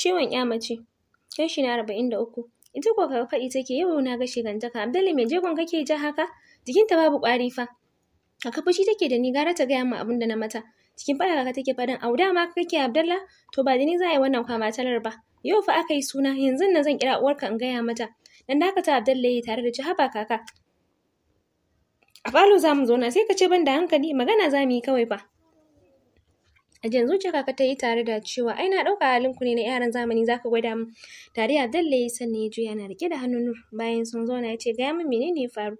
Ciwon ya mace. Kashi na arba'in da uku. Ita ko kaka faɗi take yau na ga shigantaka. Abdullahi mai jegon kake ja haka? Jikinta babu ƙwari fa. A kafashi take da ni gara ta gaya min abin da na mata. Cikin faɗa kaka take faɗin au dama kake abdalla to ba da ni za a yi wannan kwamatalar ba. Yau fa aka yi suna yanzu na zan kira uwarka in gaya mata. Dan dakata Abdullahi tare da ci haba kaka. A falo za mu zauna sai ka ce ban da hankali magana za mu yi kawai fa. Ajiyar zuciya kaka ta yi tare da cewa ai na ɗauka halin ne na yaran zamani zaka gwada min. a dalle sannan ya juya yana rike da hannun Nur bayan sun zauna ya ce gaya min menene ya faru.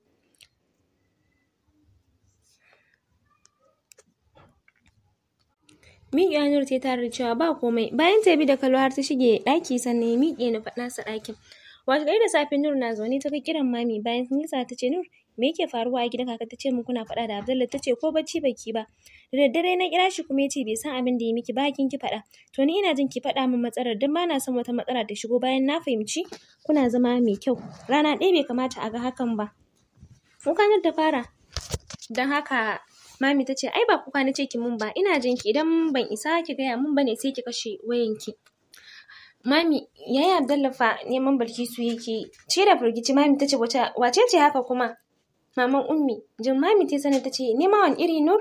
Miƙewa Nur ta yi tare da cewa ba komai bayan ta bi da kalo har ta shige ɗaki sannan ya miƙe na faɗa nasa ɗakin. gari da safe Nur na zaune ta ga kiran mami bayan sun yi sa ta ce Nur me yake faruwa a gidan kaka tace ce min kuna faɗa da Abdullah ta ko bacci baki ba da daddare na kira shi kuma ya ce bai san abin da ya miki ba kin ki faɗa to ni ina jin ki faɗa min matsalar dan ba na son wata matsala ta shigo bayan na fahimci kuna zama mai kyau rana ɗaya bai kamata a ga hakan ba kukanar ta fara don haka mami ta ce ai ba kuka na ce ki mun ba ina jin ki idan ban isa ki gaya mun bane sai ki kashe wayan ki mami yaya abdallah fa neman bilkisu yake ce da firgici mami ta ce wace ce haka kuma Maman Ummi, Jummami ta sani ta ce, Ni ma wani iri Nur?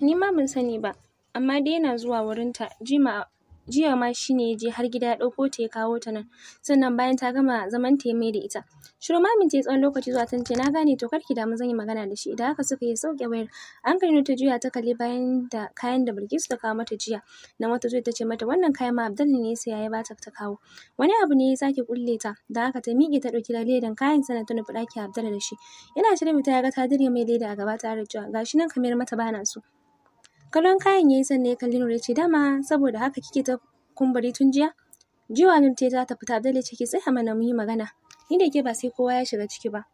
Ni ma ban sani ba, amma dai yana zuwa wurinta jima jiya ma shi ne ya je har gida ya ɗauko ta ya kawo ta nan sannan bayan ta gama zaman ta ya mai da ita shiru mamin ta tsawon lokaci zuwa tance na gane to kar ki damu zan yi magana da shi idan haka suka yi sauke bayar an karni ta juya ta kalli bayan da kayan da bilkis ta kawo mata jiya na mata zuwa ta ce mata wannan kayan ma abdul ne ya saya ya bata ta kawo wani abu ne ya sake kulle ta da haka ta miƙe ta ɗauki ledan kayan sannan ta nufi ɗaki abdul da shi yana shirin ta ya ga ta dire mai leda a gaba ta da cewa gashi nan kamar mata bana so kallon kayan yayi sannan ya kalli nuna ya ce dama saboda haka kike ta kumburi tun jiya jiwa nan ta ta fita dole ce ki tsaya mana mu magana ni da ke ba sai kowa ya shiga ciki ba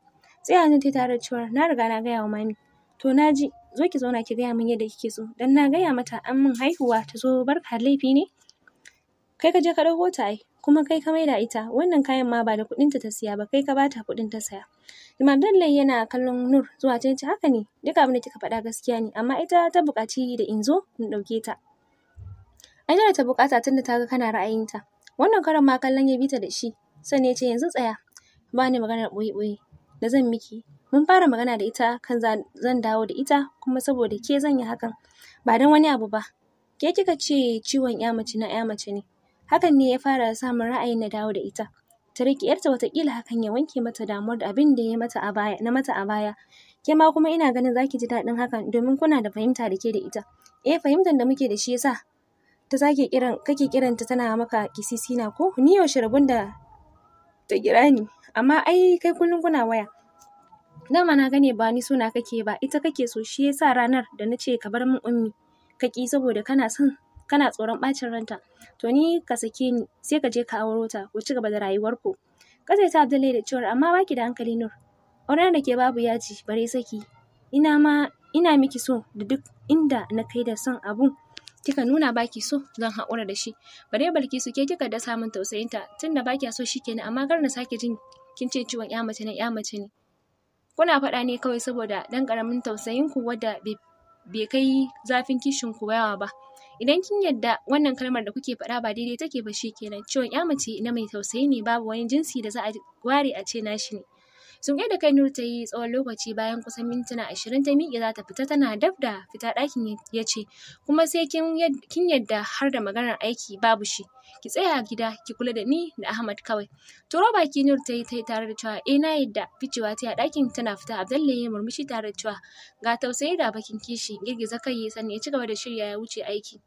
tsaya nan ta tare cewa na riga na gaya wa mami to na ji zo ki zauna ki gaya min yadda kike so dan na gaya mata an min haihuwa ta zo barka laifi ne kai ka je ka ɗauko ta ai kuma kai ka maida ita wannan kayan ma ba da kuɗinta ta siya ba kai ka bata kuɗin ta saya Imam Dallai yana kallon Nur zuwa ta ce haka ne duk abin da kika faɗa gaskiya ne amma ita ta buƙaci da in zo in ɗauke ta Ai da ta buƙata tunda ta ga kana ra'ayinta wannan karon ma kallon ya bita da shi sannan ya ce yanzu tsaya ba ni maganar ɓoye-ɓoye da zan miki mun fara magana da ita kan zan dawo da ita kuma saboda ke zan yi hakan ba don wani abu ba ke kika ce ciwon ya mace na ya mace ne Hakan ne ya fara samun ra'ayin na dawo da ita. Ta riƙe ‘yarta wataƙila hakan ya wanke mata damuwar da abin da ya mata a baya, na mata a baya. Ke ma kuma ina ganin zaki ki ji daɗin hakan domin kuna da fahimta da ke da ita. Eh fahimtar da muke da shi yasa ta sake kiran kake kiranta tana maka kisisi na ko ni yaushe rabun da ta kira ni amma ai kai kullum kuna waya. Dama na gane ba ni suna kake ba ita kake so shi yasa ranar da na ce ka bar min ummi kaki saboda kana son kana tsoron ɓacin ranta to ni ka sake ni sai ka je ka auro ta ku ci gaba da rayuwar rayuwarku kasaita Abdullahi da cewar amma baki da hankali Nur auren da ke babu yaji bare saki ina ma ina miki so da duk inda na kai da son abun kika nuna baki so zan haƙura da shi bare su ke kika da samun tausayinta tunda baki so shikenan amma kar na sake jin kin ce ciwon ya mace ne ya mace ne kuna faɗa ne kawai saboda dan ƙaramin tausayin ku wadda bai kai zafin kishin ku yawa ba idan kin yadda wannan kalmar da kuke faɗa ba daidai take ba shi kenan ciwon ya mace na mai tausayi ne babu wani jinsi da za a ware a ce nashi ne sun da kai nur ta yi tsawon lokaci bayan kusan mintuna ashirin ta miƙe za ta fita tana dab da fita ɗakin ya ce kuma sai kin yadda har da maganar aiki babu shi ki tsaya gida ki kula da ni da Ahmad kawai turo baki nur ta yi tare da cewa eh na yadda ficewa ta ɗakin tana fita Abdullahi ya murmushi tare da cewa ga tausayi da bakin kishi girgiza kai ya sani ya ci gaba da shirya ya wuce aiki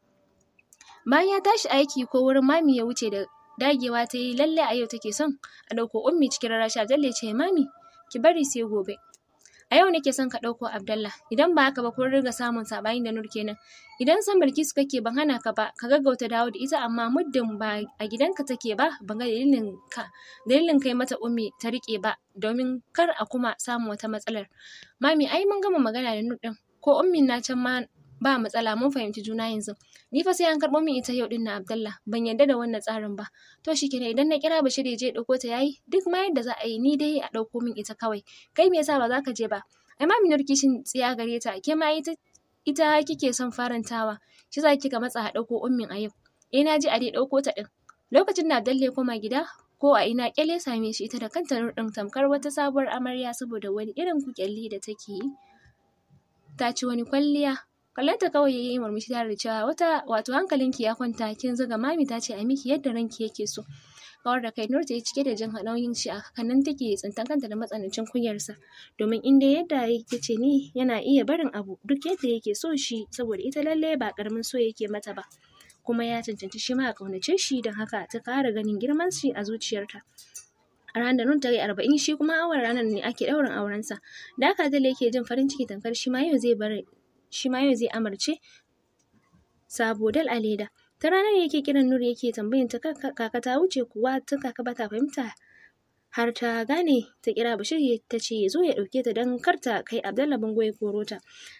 bayan ya tashi aiki ko wurin mami ya wuce da dagewa ta yi lalle a yau take son a ɗauko ummi cikin rarrashi Abdullahi ya ce mami ki bari sai gobe a yau nake son ka ɗauko Abdallah idan ba haka ba kun riga samun saɓani da nur kenan idan san su kake ban hana ka ba ka gaggauta dawo da ita amma muddin ba a gidanka take ba ban ga dalilin ka dalilin kai mata ummi ta riƙe ba domin kar a kuma samu wata matsalar mami ai mun gama magana da nur ɗin ko ummin na can ma ba matsala mun fahimci juna yanzu ni fa sai an karɓo min ita yau din na ban yarda da wannan tsarin ba to shikenan idan na kira Bashir ya je dauko ta yayi duk ma yadda za a yi ni dai a dauko min ita kawai kai me yasa ba za ka je ba ai ma nurki shin tsiya gare ta ke ma ita ita kike son farantawa shi za kika matsa a dauko ummin a yau eh na ji a dai dauko ta din lokacin da dalle koma gida ko a ina kyale same shi ita da kanta ɗin tamkar wata sabuwar amarya saboda wani irin kukyalli da take yi ta ci wani kwalliya kallon ta kawai yayi murmushi tare da cewa wata wato hankalinki ya kwanta kin zuga mami ta ce a miki yadda ranki yake so kawar da kai nurta ta cike da jin haɗauyin shi a kanan take tsintan kanta da matsanancin sa. domin in dai yadda yake ce ni yana iya barin abu duk yadda yake so shi saboda ita lalle ba karamin so yake mata ba kuma ya cancanci shi ma a kaunace shi don haka ta kara ganin girman shi a zuciyarta a ranar da nun ta yi arba'in shi kuma awar ranar ne ake ɗaurin aurensa da haka yake jin farin ciki tamkar shi ma yau zai bar shi ma yau zai amarce sabo a leda ta ranar yake kiran nur yake tambayin ta kaka ta wuce kuwa tun kaka ba ta fahimta har ta gane ta kira bashir ta ce zo ya dauke ta don kar ta kai abdallah bango ya koro ta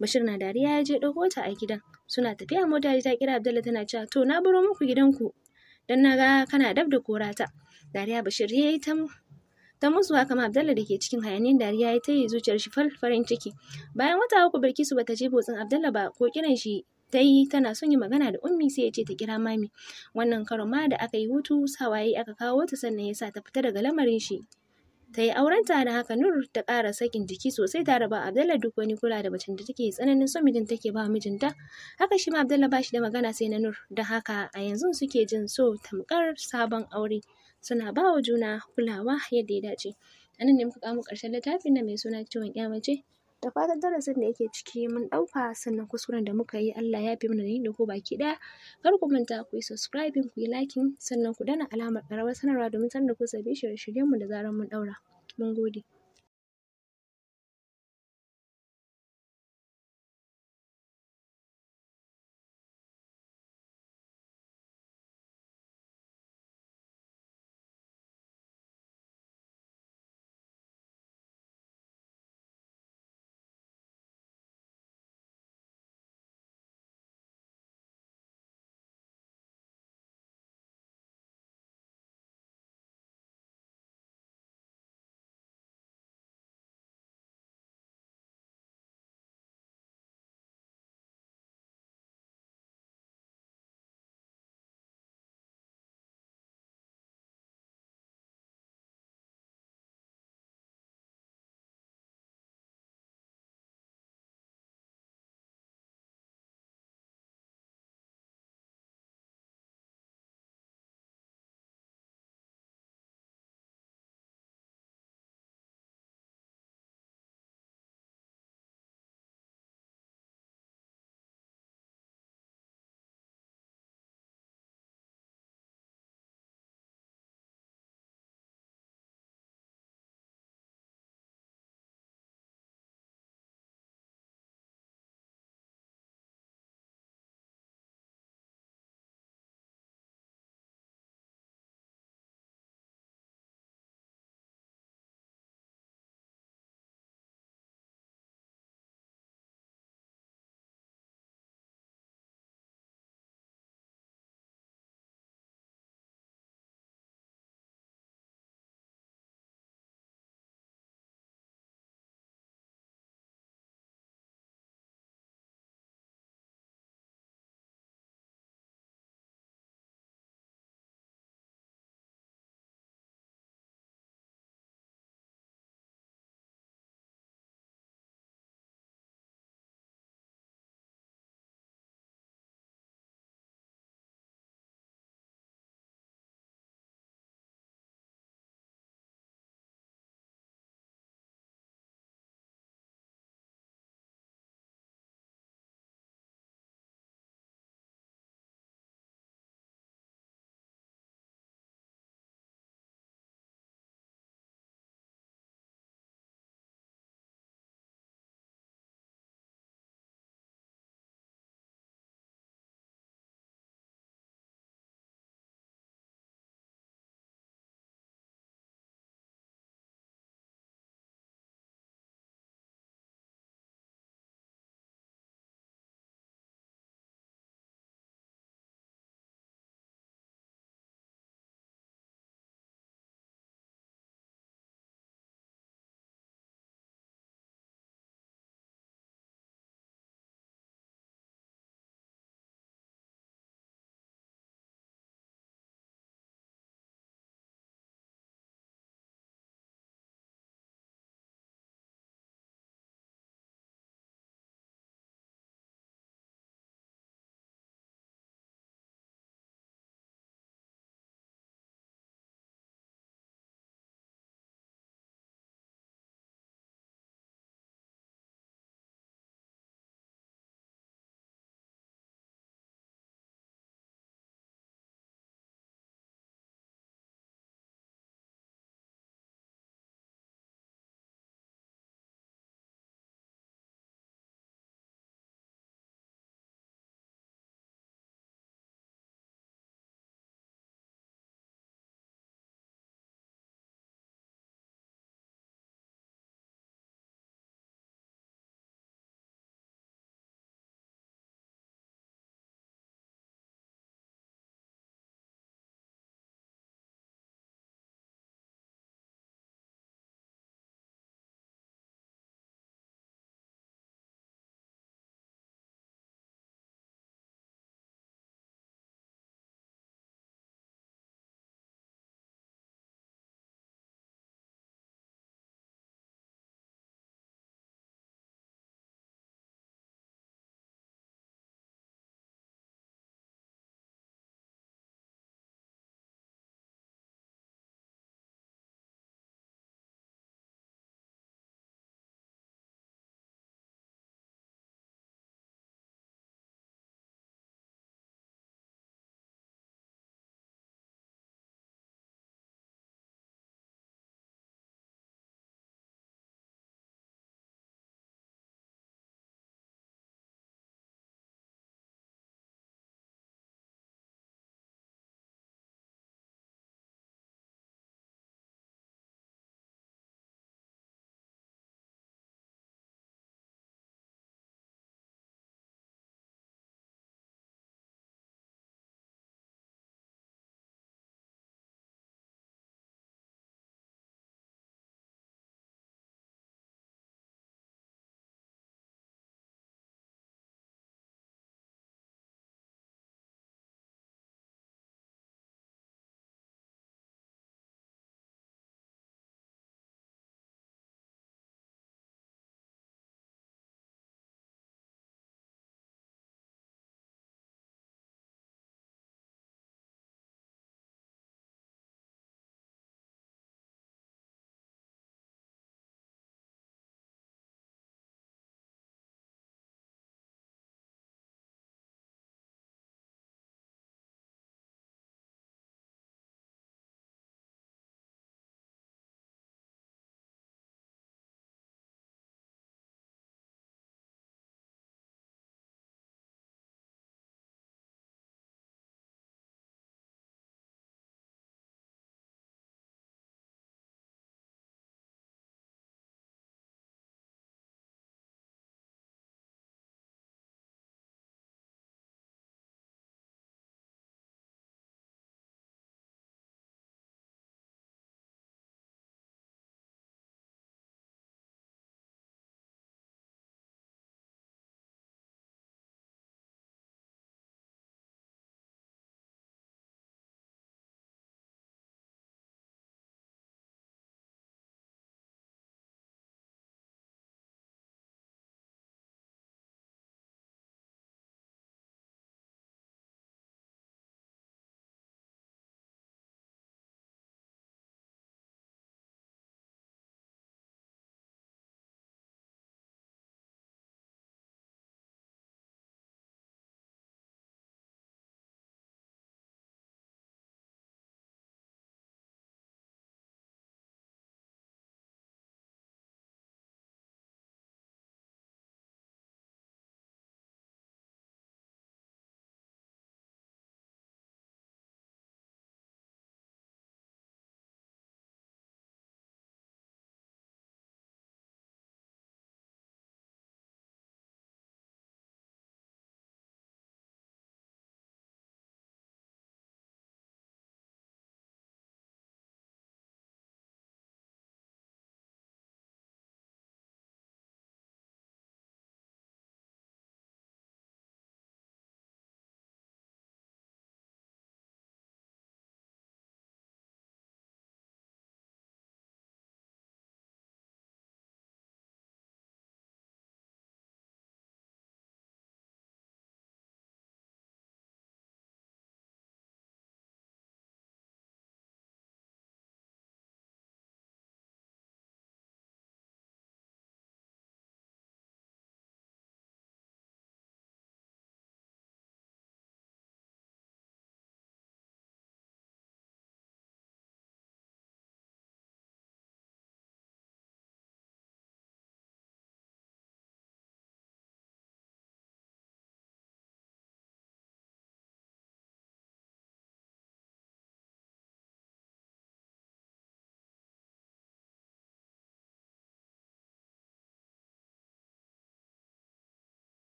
bashir na dariya ya je dauko ta a gidan suna tafiya mota ta kira abdallah tana cewa to na buro muku gidanku don na ga kana dab da korata dariya bashir ya yi ta ta musuwa kama Abdallah da ke cikin hayaniyar dariya ya yi zuciyar shi farin ciki. Bayan wata uku Bilkisu bata je botsin Abdallah ba ko kiran shi ta yi tana son yi magana da ummi sai ya ce ta kira mami. Wannan karo ma da aka yi hutu sawaye aka kawo ta sannan ya sa ta fita daga lamarin shi. Ta yi aurenta da haka Nur ta ƙara sakin jiki sosai tare ba Abdallah duk wani kula da macen da take tsananin son mijin take ba mijinta. Haka shi ma Abdallah ba shi da magana sai na Nur Da haka a yanzu suke jin so tamkar sabon aure. suna ba wa juna kulawa yadda ya dace a nan ne muka kawo ƙarshen littafin nan mai suna ciwon ya mace da fatan darasin da yake ciki mun ɗauka sannan kuskuren da muka yi Allah ya fi mana da da ko baki ɗaya kar ku manta ku yi subscribing ku yi liking sannan ku dana alamar ƙarawar sanarwa domin sanar da ku sabbin shirye-shiryenmu da zarar mun ɗaura mun gode